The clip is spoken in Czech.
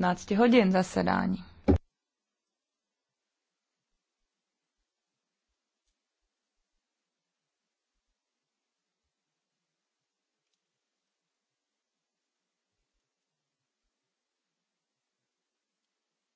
15 hodin zasedání.